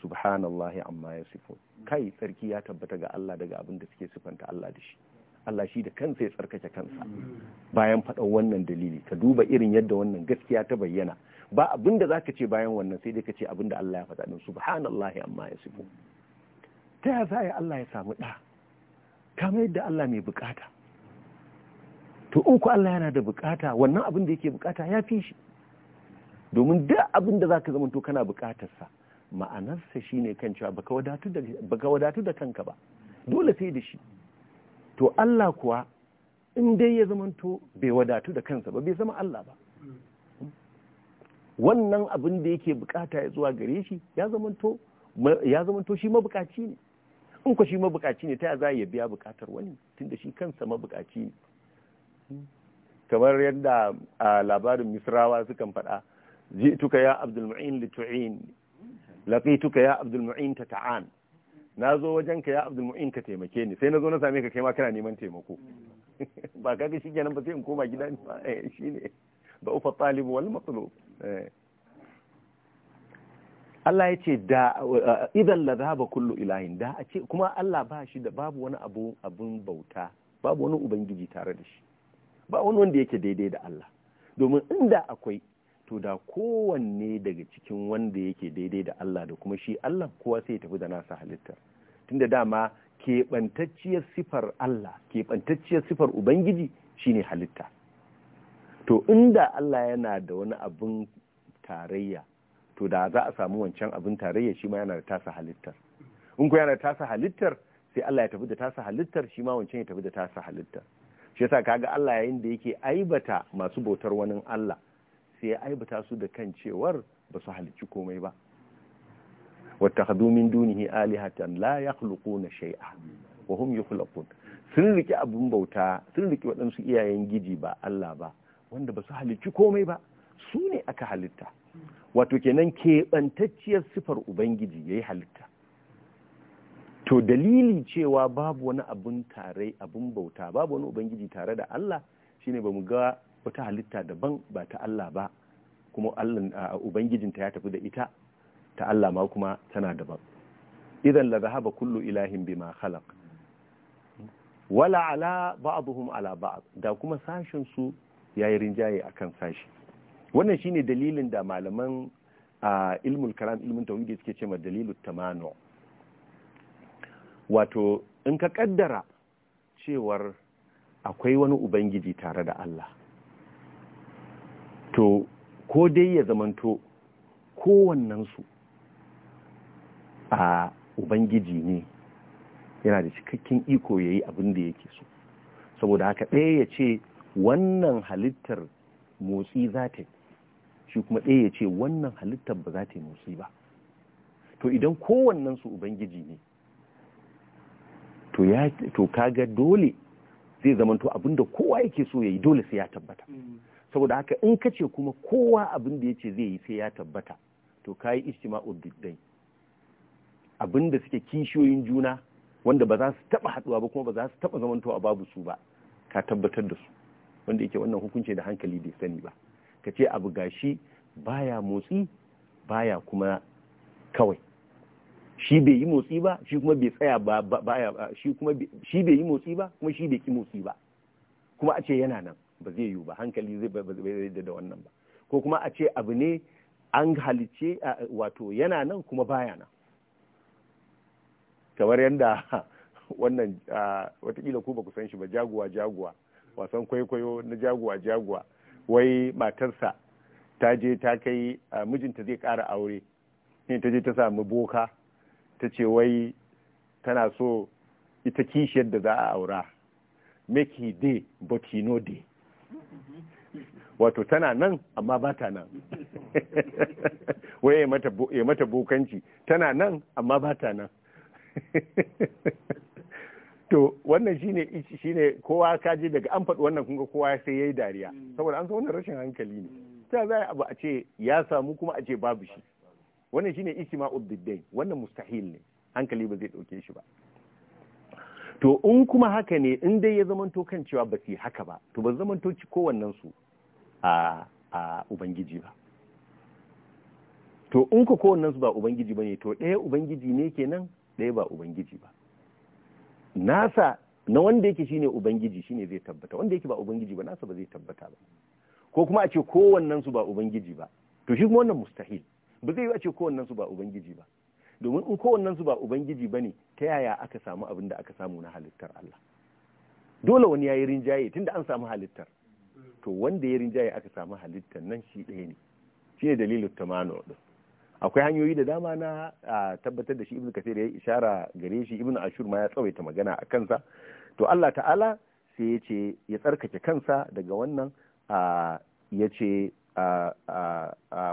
subhanallahi amma yasifun kai tsarki ya tabbata ga Allah daga abin da suke sifanta Allah da shi Allah shi da kansa ya tsarkake kansa bayan faɗan wannan dalili ka duba irin yadda wannan gaskiya ta bayyana ba abin da zaka ce bayan wannan sai dai ka ce abin da Allah ya faɗa din subhanallahi amma yasifun ta ya za Allah ya samu ɗa kamar yadda Allah mai bukata to in ku Allah yana da bukata wannan abin da yake bukata ya fi shi domin duk abin da zaka zamanto kana bukatar ma'anar ma'anarsa shine kan cewa baka wadatu da baka wadatu da kanka ba dole sai da shi to Allah kuwa in dai ya to bai wadatu da kansa ba bai zama Allah ba wannan abin da yake bukata ya zuwa gare shi ya to ya to shi mabukaci ne in ku shi mabukaci ne ta ya za ya biya bukatar wani tunda shi kansa mabukaci ne kamar yadda a labarin misrawa sukan faɗa tuka ya abdul mu'in litu'in tuka ya abdul mu'in ta na zo wajen ka ya abdul mu'in ka taimake ni sai na zo na same ka kai ma kana neman taimako ba kaga kenan ba sai in koma gida eh, ne ba ufa talib wal matlub eh. Allah ya ce da idan la zaba kullu ilahin da a ce kuma Allah ba shi da babu wani abu abun bauta babu wani ubangiji tare da shi ba wani wanda yake daidai da Allah domin inda akwai to da kowanne daga cikin wanda yake daidai da Allah da kuma shi Allah kowa sai ya tafi da nasa halittar tunda dama keɓantacciyar sifar Allah keɓantacciyar sifar Ubangiji shine halitta to inda Allah yana da wani abin tarayya to da za a samu wancan abin tarayya shi ma yana da tasa halittar in ku yana da tasa halittar sai Allah ya tafi da tasa halittar shi ma wancan ya tafi da tasa halittar shi yasa kaga Allah yayin da yake aibata masu bautar wani Allah sai ya aibata su da kan cewar ba su halicci komai ba wattakhadhu min dunihi alihatan la yakhluquna shay'a wa hum yukhlaqun sun riki abun bauta sun riki waɗansu iyayen giji ba Allah ba wanda ba su halicci komai ba su ne aka halitta wato kenan kebantacciyar sifar ubangiji yayi halitta to dalili cewa babu wani abun tare abun bauta babu wani ubangiji tare da Allah shine ba mu ga wata halitta daban ba ta Allah ba kuma Allah ta ya tafi da ita ta Allah ma kuma tana daban idan la zahaba kullu ilahin bima khalaq wala ala ba'dhum ala ba'd da kuma sashin su yayi rinjaye akan sashi wannan shine dalilin da malaman ilmul kalam ilmin tawhid suke cewa dalilut tamanu' wato in ka kaddara cewar akwai wani ubangiji tare da Allah to ko dai ya zamanto kowannensu a ubangiji ne yana da cikakken iko ya yi abin da yake so saboda haka ɗaya ya ce wannan halittar motsi za ta shi kuma ɗaya ya ce wannan halittar ba za ta yi motsi ba to idan kowannensu ubangiji ne to ya to kaga dole zai zama to abinda kowa yake so yayi dole sai ya tabbata mm. saboda haka in kace kuma kowa abinda yace zai yi sai ya tabbata to kai ijtima'ud diddai abinda suke kishiyoyin juna wanda ba za su taba haduwa ba kuma ba za su taba zamantowa babu su ba ka tabbatar da su wanda yake wannan hukunci da hankali bai sani ba ka ce abu gashi baya motsi baya kuma kawai shi bai yi motsi ba shi kuma bai tsaya ba baya shi kuma shi bai yi motsi ba kuma shi bai ki motsi ba kuma a ce yana nan ba zai yiwu ba hankali zai ba da wannan ba ko kuma a ce abu ne an halice wato yana nan kuma baya nan kamar yadda wannan watakila ku ba ku san shi ba jaguwa jaguwa wasan kwaikwayo na jaguwa jaguwa wai matarsa ta je ta kai mijinta zai ƙara aure ne ta je ta samu boka ta ce wai tana so ita kishiyar da za a aura make he day but he no day wato tana nan amma ba ta nan wai ya mata bokanci tana nan amma ba ta nan to wannan shine shine kowa kaji daga an faɗi wannan kunga kowa sai ya yi dariya mm. saboda an san wannan rashin hankali ne mm. ta za abu a ce ya samu kuma a ce babu shi wannan shine ijtima'ud diddain wannan mustahil ne hankali ba zai dauke shi ba to in kuma haka ne in dai ya zamanto kan cewa ba su haka ba to ba to ci kowannen su a a ubangiji ba to in ku kowannen su ba ubangiji bane to ɗaya ubangiji ne kenan ɗaya ba ubangiji ba nasa na wanda yake shine ubangiji shine zai tabbata wanda yake ba ubangiji ba nasa ba zai tabbata ba ko kuma a ce kowannen su ba ubangiji ba to shi kuma wannan mustahil ba zai yi a ce kowannen ba ubangiji ba domin in kowannen su ba ubangiji ba ne ta yaya aka samu abin da aka samu na halittar Allah dole wani ya yi rinjaye tun da an samu halittar to wanda ya rinjaye aka samu halittar nan shi ɗaya ne shi ne dalilin tamano ɗin akwai hanyoyi da dama na tabbatar da shi Ibn kasir ya yi ishara gare shi Ibn ashur ma ya tsawaita magana a kansa to Allah ta'ala sai ya ce ya tsarkake kansa daga wannan ya ce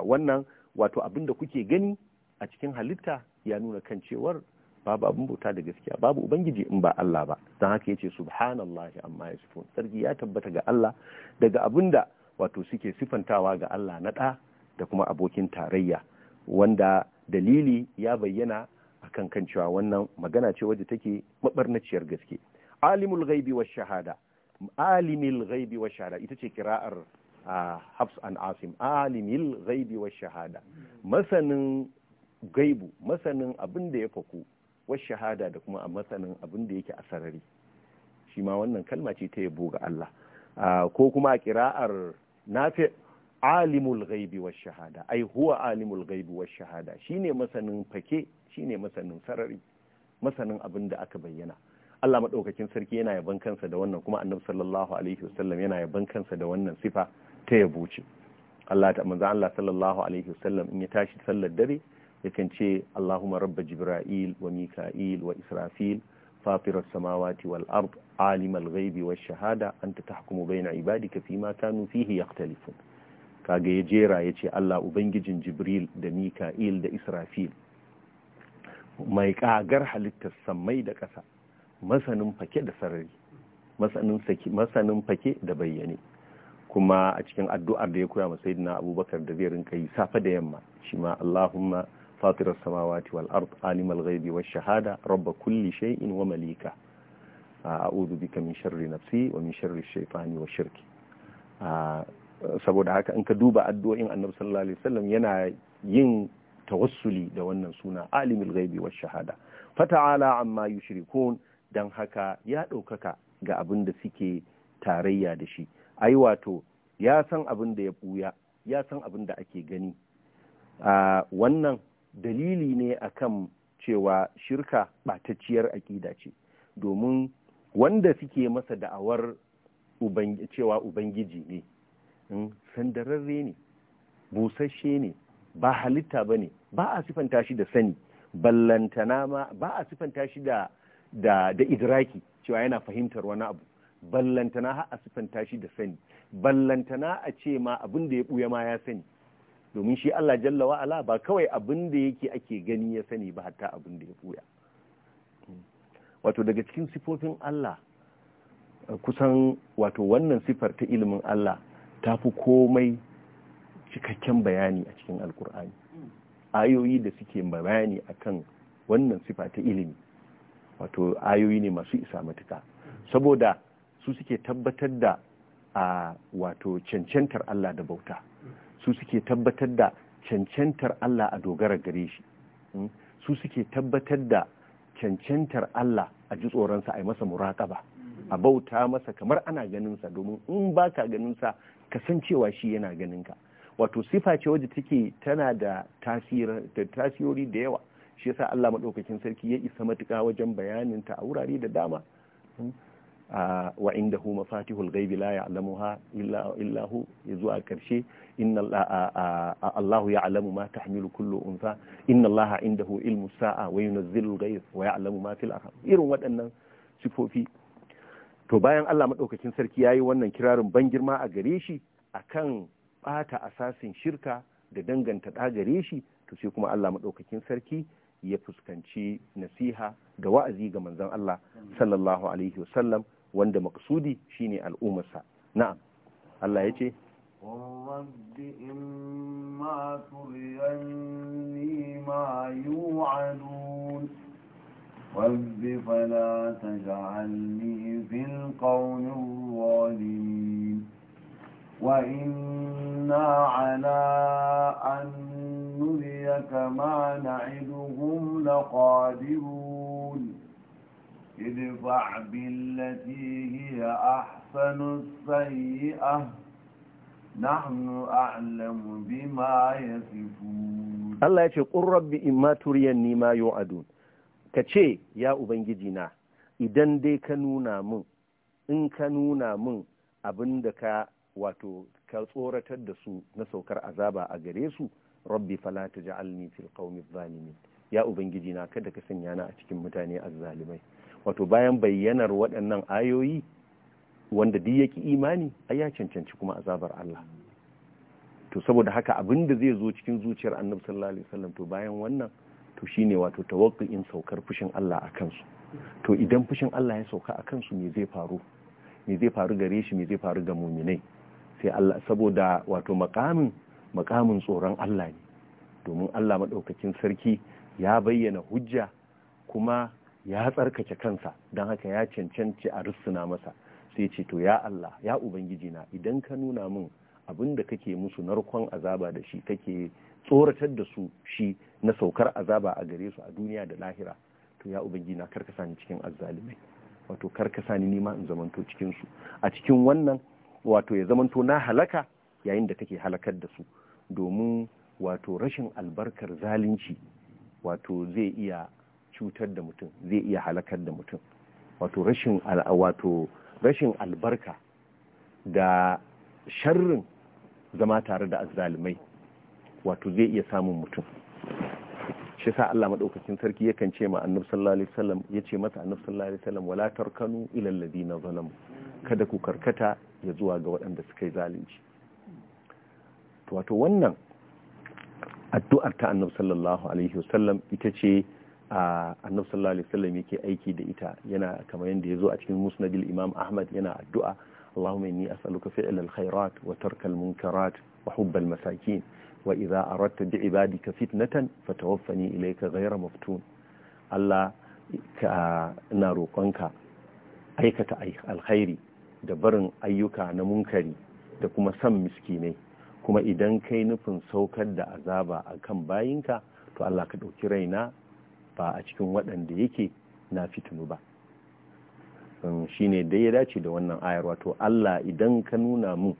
wannan wato abin da kuke gani a cikin halitta ya nuna kan cewar babu abin bauta da gaskiya babu ubangiji in ba Allah ba don haka yace subhanallahi amma yasifun sarki ya tabbata ga Allah daga abinda wato suke sifantawa ga Allah na da da kuma abokin tarayya wanda dalili ya bayyana akan kan cewa wannan magana ce wadda take mabarnaciyar gaske alimul ghaibi wash shahada alimul ghaibi wash shahada ita ce kira'ar hafs an asim alimil gaibi wa shahada masanin gaibu masanin abin da ya faku wa shahada da kuma a masanin abin da yake a sarari shi ma wannan kalma ce ta yabo ga Allah ko kuma a kira'ar nafi alimul gaibi wa shahada ai huwa alimul ghaibi wa shahada shine masanin fake shine masanin sarari masanin abin da aka bayyana Allah madaukakin sarki yana yaban kansa da wannan kuma annabi sallallahu alaihi wasallam yana yaban kansa da wannan sifa ta ya buce Allah ta manzo Allah sallallahu alaihi wasallam in ya tashi sallar dare yakan ce Allahumma rabba jibril wa mika'il wa israfil samawati wal والأرض عالم الغيب shahada أنت تحكم بين عبادك فيما كانوا فيه يختلفون kage ya jera ya ce Allah Ubangijin Jibril da Mika'il da Israfil mai kagar halittar samai da ƙasa masanin fake da sarari masanin fake da bayyane kuma a cikin addu'ar da ya koya masa sayyidina abubakar da zai rinka yi safe da yamma shi ma allahumma fatir samawati wal ard alim al ghaibi wash shahada rabb kulli shay'in wa malika a'udhu bika min sharri nafsi wa min sharri shaytani wa shirki saboda haka in ka duba addu'o'in annabi sallallahu alaihi wasallam yana yin tawassuli da wannan suna alimul ghaibi wash shahada fata'ala amma yushrikun dan haka ya ɗaukaka ga abin da suke tarayya da shi ai wato ya san abin da ya buya ya san abin da ake gani a wannan dalili ne akan cewa shirka ɓatacciyar aƙida ce domin wanda suke masa da'awar cewa ubangiji ne hmm, sandararre ne busasshe ne ba halitta ba ne ba a sifanta shi da sani ballantana ma ba a sifanta shi da da idraki cewa yana fahimtar wani abu ballantana har a sifanta shi da sani ballantana a ce ma abin da ya buya ma ya sani domin shi Allah jalla Ala, ba kawai abin da yake ake gani ya sani ba hatta abin da ya buya wato daga cikin sifofin Allah kusan wato wannan sifar ta ilimin Allah ta fi komai cikakken bayani a cikin alkur'ani ayoyi da suke bayani kan wannan sifa ta ilimi wato ayoyi ne masu isa matuka saboda su suke tabbatar da a wato cancantar Allah da bauta su suke tabbatar da cancantar Allah a dogara gare shi hmm? su suke tabbatar da cancantar Allah a ji tsoronsa a yi masa muraƙaba a bauta masa kamar ana ganinsa domin in ba ka ganinsa kasancewa shi yana ganinka wato sifa ce wadda take tana da tasirori da yawa shi yasa Allah maɗaukakin sarki ya isa matuƙa wajen bayanin ta a wurare da dama hmm? wa inda hu mafatihul ghaibi la ya'lamuha illa illa hu zuwa karshe inna Allahu ya'lamu ma tahmilu kullu unsa inna Allaha indahu ilmu sa'a wa yunzilu al-ghayth wa ya'lamu ma fil arham irin waɗannan sifofi to bayan Allah madaukakin sarki yayi wannan kirarin ban girma a gare shi akan bata asasin shirka da danganta da gare shi to sai kuma Allah madaukakin sarki ya fuskanci nasiha da wa'azi ga manzon Allah sallallahu alaihi wasallam wanda maksudi shine al'ummarsa na'am Allah ya ce Wabbi fala ta ja'alni fil qaunin walimin wa inna ala an nuriyaka ma na'iduhum laqadirun ادفع بالتي هي أحسن السيئة نحن أعلم بما يصفون الله يقول قل رب إما تريني ما يوعدون كتشي يا أبنجينا idan dai ka nuna min in ka nuna min abin da ka wato ka tsoratar da su na saukar azaba a gare su rabbi fala taj'alni fil qawmi zalimin ya ubangiji na kada ka sanya na a cikin mutane azzalimai wato bayan bayyanar waɗannan ayoyi wanda duk yake imani a ya cancanci kuma azabar Allah to saboda haka abin da zai zo cikin zuciyar annabi sallallahu alaihi wasallam to bayan wannan to shine wato tawaqqi'in saukar fushin Allah a kansu to idan fushin Allah ya sauka a kansu me zai faru me zai faru gare shi me zai faru ga muminai sai Allah saboda wato makamin makamin tsoron Allah ne domin Allah madaukakin sarki ya bayyana hujja kuma ya tsarkake kansa don haka ya cancanci a russuna masa sai ce to ya Allah ya ubangiji na idan ka nuna min abin da kake musu narkon azaba da shi kake tsoratar da su shi na saukar azaba a gare su a duniya da lahira to ya ubangiji na karka sani cikin azzalimai wato karkasa sani nima in zamanto cikin su a cikin wannan wato ya zamanto na halaka yayin da kake halakar da su domin wato rashin albarkar zalunci wato zai iya cutar da mutum zai iya halakar da mutum wato rashin wato rashin albarka da sharrin zama tare da azzalumai wato zai iya samun mutum shi sa Allah maɗaukacin sarki yakan ce ma annabi sallallahu alaihi wasallam yace masa annabi sallallahu alaihi wasallam wala tarkanu ila alladhina zalamu kada ku karkata ya zuwa ga waɗanda suka yi zalunci wato wannan addu'ar ta annabi sallallahu alaihi wasallam ita ce a annabi sallallahu alaihi wasallam yake aiki da ita yana kamar yadda yazo a cikin musnadil imam ahmad yana addu'a allahumma inni as'aluka fi'l alkhairat wa tarkal munkarat wa hubbal masakin wa idha aradta bi ibadika fitnatan fatawaffani ilayka ghayra maftun allah ka ina roƙonka aikata alkhairi da barin ayyuka na munkari da kuma san miskinai kuma idan kai nufin saukar da azaba akan bayinka to Allah ka ɗauki raina ba a cikin waɗanda yake na fitinu ba um, shi ne dai ya dace da wannan ayar wato Allah idan ka nuna mun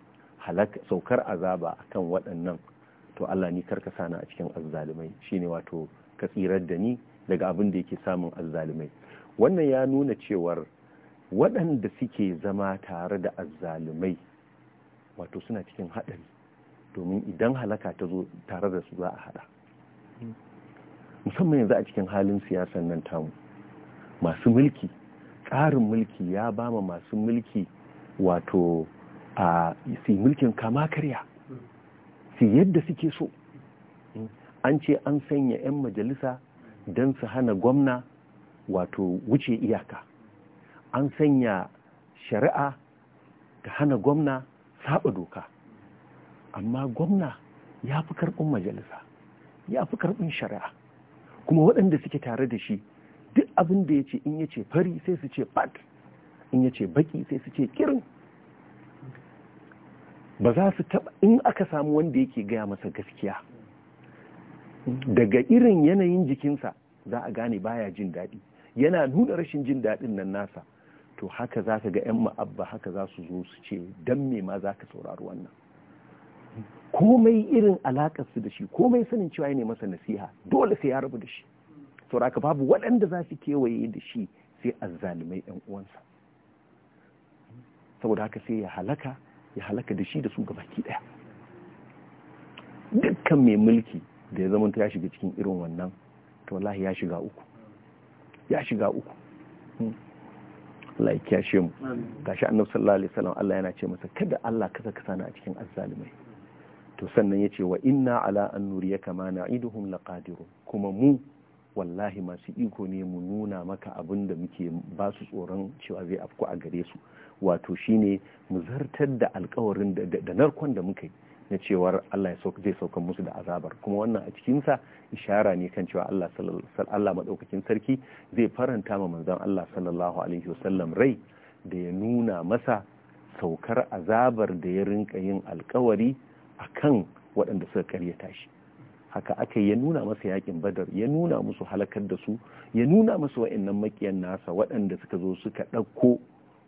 saukar azaba a kan waɗannan to Allah ni karka sana a cikin Shi ne wato ka tsirar da ni daga abin da yake samun azzalumai wannan ya nuna cewar waɗanda suke zama tare da azzalumai wato suna cikin haɗari domin idan halaka ta zo tare da su za a haɗa musamman yanzu a cikin halin siyasar nan tamu masu mulki tsarin mulki ya ba ma masu mulki wato a si mulkin kama karya si yadda suke so an ce an sanya 'yan majalisa don su hana gwamna wato wuce iyaka an sanya shari'a ta hana gwamna saba doka amma gwamna ya fi karɓin majalisa ya fi karɓin shari'a kuma waɗanda suke tare da shi duk abin da ya ce in ya ce fari sai su ce bat in ya ce baki sai su ce kirin ba za su taɓa in aka samu wanda yake gaya masa gaskiya daga irin yanayin jikinsa za a gane baya jin daɗi yana nuna rashin jin daɗin nan nasa to haka za ka ga 'yan ma'abba haka za su zo su ce don me ma za ka saurari wannan komai irin alakarsu da shi komai sanin cewa ne masa nasiha dole sai ya rabu da shi sauraka babu waɗanda za su kewaye da shi sai azzalumai yan uwansa saboda haka sai ya halaka ya halaka da shi da su gabaki ɗaya dukkan mai mulki da ya zamanta ya shiga cikin irin wannan to wallahi ya shiga uku ya shiga uku hmm. Allah ya kiyashe mu gashi annabi sallallahu alaihi Allah yana ce masa kada Allah ka saka a cikin azzalimai to sannan ya ce wa inna ala an nuriya kama na iduhun laƙadiru kuma mu wallahi masu iko ne mu nuna maka abin da muke ba su tsoron cewa zai afku a gare su wato shi ne mu zartar da alkawarin da narkon da muka yi na cewar Allah zai saukan musu da azabar kuma wannan a cikinsa ishara ne kan cewa Allah maɗaukacin sarki zai faranta ma manzon Allah sallallahu alaihi wasallam rai da ya nuna masa saukar azabar da ya rinka yin alkawari akan waɗanda suka karyata shi haka aka ya nuna masa yakin badar ya nuna musu halakar da su ya nuna musu wa'annan makiyan nasa waɗanda suka zo suka ɗauko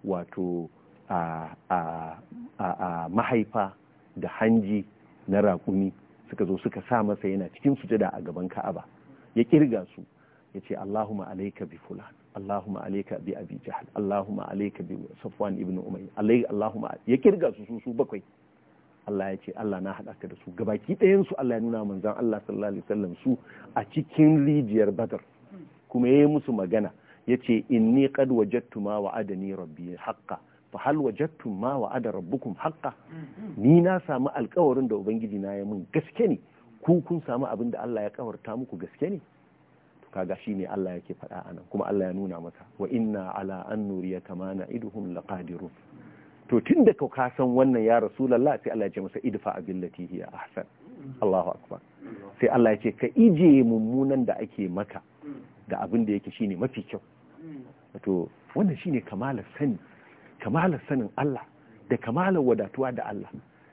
wato a mahaifa da hanji na raƙumi suka zo suka sa masa yana cikin sujada a gaban ka'aba ya kirga su ya ce allahumma alaika bi fulan allahumma alaika bi abi jahal allahumma alaika bi safwan ibn umar allahumma ya kirga su su bakwai Allah ya ce Allah na haɗa ka da su gabaki ɗayan su Allah ya nuna manzan Allah sallallahu alaihi wasallam su a cikin rijiyar Badar kuma yayi musu magana yace inni qad wajadtu ma wa'adani rabbi haqqan fa hal wajadtum ma wa'ada rabbukum haqqan ni na samu alƙawarin da ubangiji na ya mun gaske ne ku kun samu abin da Allah ya kawarta muku gaske ne kaga shine Allah yake faɗa anan kuma Allah ya nuna maka wa inna ala an nuriyaka ma na'iduhum laqadirun to tun da ka san wannan ya rasulallah sai Allah ya ce masa idfa a billati a ahsan Allahu akbar sai Allah ya ce ka ije mummunan da ake maka da abin da yake shine mafi kyau to wannan shine kamalar sani kamalar sanin Allah da kamalar wadatuwa da Allah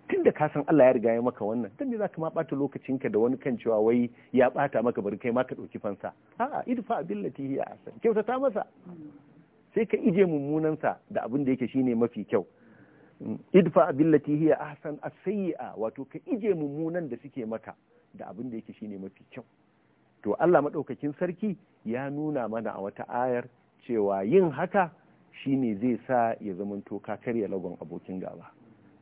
tun da ka san Allah ya riga ya maka wannan tun da za ka ma bata lokacinka da wani kan cewa wai ya ɓata maka bari kai ma ka dauki fansa a'a idfa latihi a ahsan kyautata masa sai ka ije mummunansa da abin da yake shine mafi kyau idfa billati hiya ahsan as-sayyi'a wato ka ije mummunan da suke maka da abin da yake shine mafi kyau to Allah madaukakin sarki ya nuna mana a wata ayar cewa yin haka shine zai sa ya zamanto ka karya lagon abokin gaba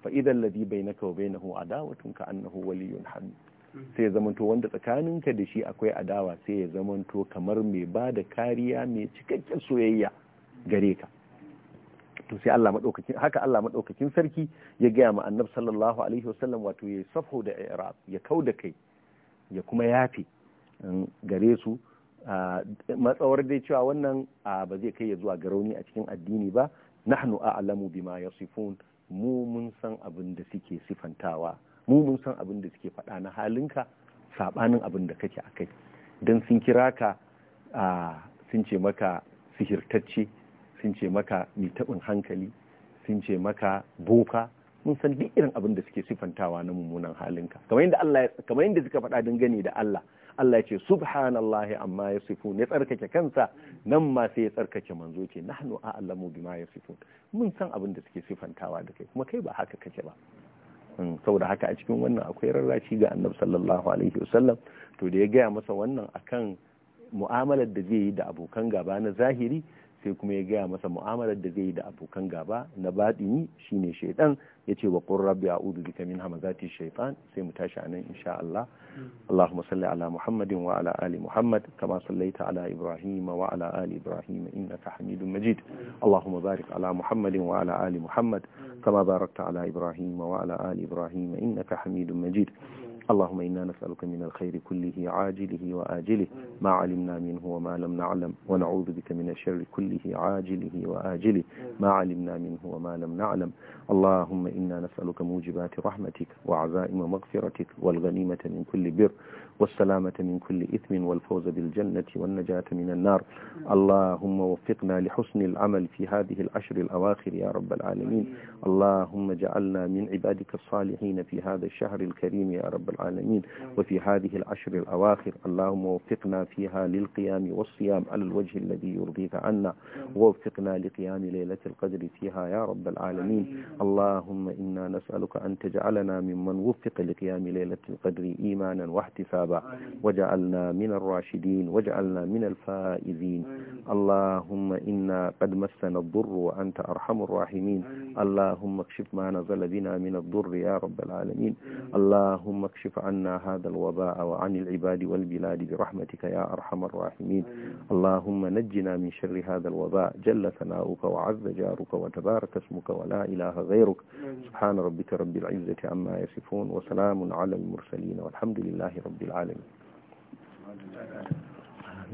fa idan ladhi bainaka wa bainahu adawatun ka annahu waliyyun hamid sai ya zamanto wanda tsakaninka da shi akwai adawa sai ya zamanto kamar mai ba da kariya mai cikakken soyayya gare ka to sai Allah madaukakin haka Allah madaukakin sarki ya gaya ma annabi sallallahu alaihi wasallam wato ya safho da i'rab ya kauda kai ya kuma yafe um, gare su matsawar dai cewa wannan ba zai kai ya zuwa ga rauni a cikin addini ba nahnu a'lamu bima yasifun mu mun san abin da suke sifantawa mu mun san abin da suke faɗa na halinka sabanin abin da kake akai don sun kira ka sun ce maka sihirtacce sun ce maka mai taɓin hankali sun ce maka boka mun san duk irin abin da suke sifantawa na mummunan halinka kamar yadda Allah kamar yadda suka faɗa dangane da Allah Allah ya ce subhanallahi amma yasifu ya tsarkake kansa nan ma sai ya tsarkake manzo ce nahnu a'lamu bima yasifun mun san abin da suke sifantawa da kai kuma kai ba haka kake ba hmm, saboda haka a cikin wannan akwai rarraci ga annabi sallallahu alaihi wasallam to da ya gaya masa wannan akan mu'amalar da zai yi da abokan gaba na zahiri sai kuma ya gaya masa mu'amalar da zai yi da abokan gaba na baɗini shine shaidan ya ce wa ƙun rabbi udu bika min hamazati shaitan sai mu tashi anan insha Allah Allahumma salli ala Muhammadin wa ala ali Muhammad kama sallaita ala Ibrahim wa ala ali Ibrahim innaka Hamidum Majid Allahumma barik ala Muhammadin wa ala ali Muhammad kama barakta ala Ibrahim wa ala ali Ibrahim innaka Hamidum Majid اللهم إنا نسألك من الخير كله عاجله وآجله ما علمنا منه وما لم نعلم ونعوذ بك من الشر كله عاجله وآجله ما علمنا منه وما لم نعلم اللهم إنا نسألك موجبات رحمتك وعزائم مغفرتك والغنيمة من كل بر والسلامة من كل إثم والفوز بالجنة والنجاة من النار اللهم وفقنا لحسن العمل في هذه العشر الأواخر يا رب العالمين اللهم جعلنا من عبادك الصالحين في هذا الشهر الكريم يا رب العالمين وفي هذه العشر الأواخر اللهم وفقنا فيها للقيام والصيام على الوجه الذي يرضيك عنا ووفقنا لقيام ليلة القدر فيها يا رب العالمين اللهم إنا نسألك أن تجعلنا ممن وفق لقيام ليلة القدر إيمانا واحتفالا الثواب وجعلنا من الراشدين وجعلنا من الفائزين اللهم إنا قد مسنا الضر وأنت أرحم الراحمين اللهم اكشف ما نزل بنا من الضر يا رب العالمين اللهم اكشف عنا هذا الوباء وعن العباد والبلاد برحمتك يا أرحم الراحمين اللهم نجنا من شر هذا الوباء جل ثناؤك وعز جارك وتبارك اسمك ولا إله غيرك سبحان ربك رب العزة عما يصفون وسلام على المرسلين والحمد لله رب العالمين العالمين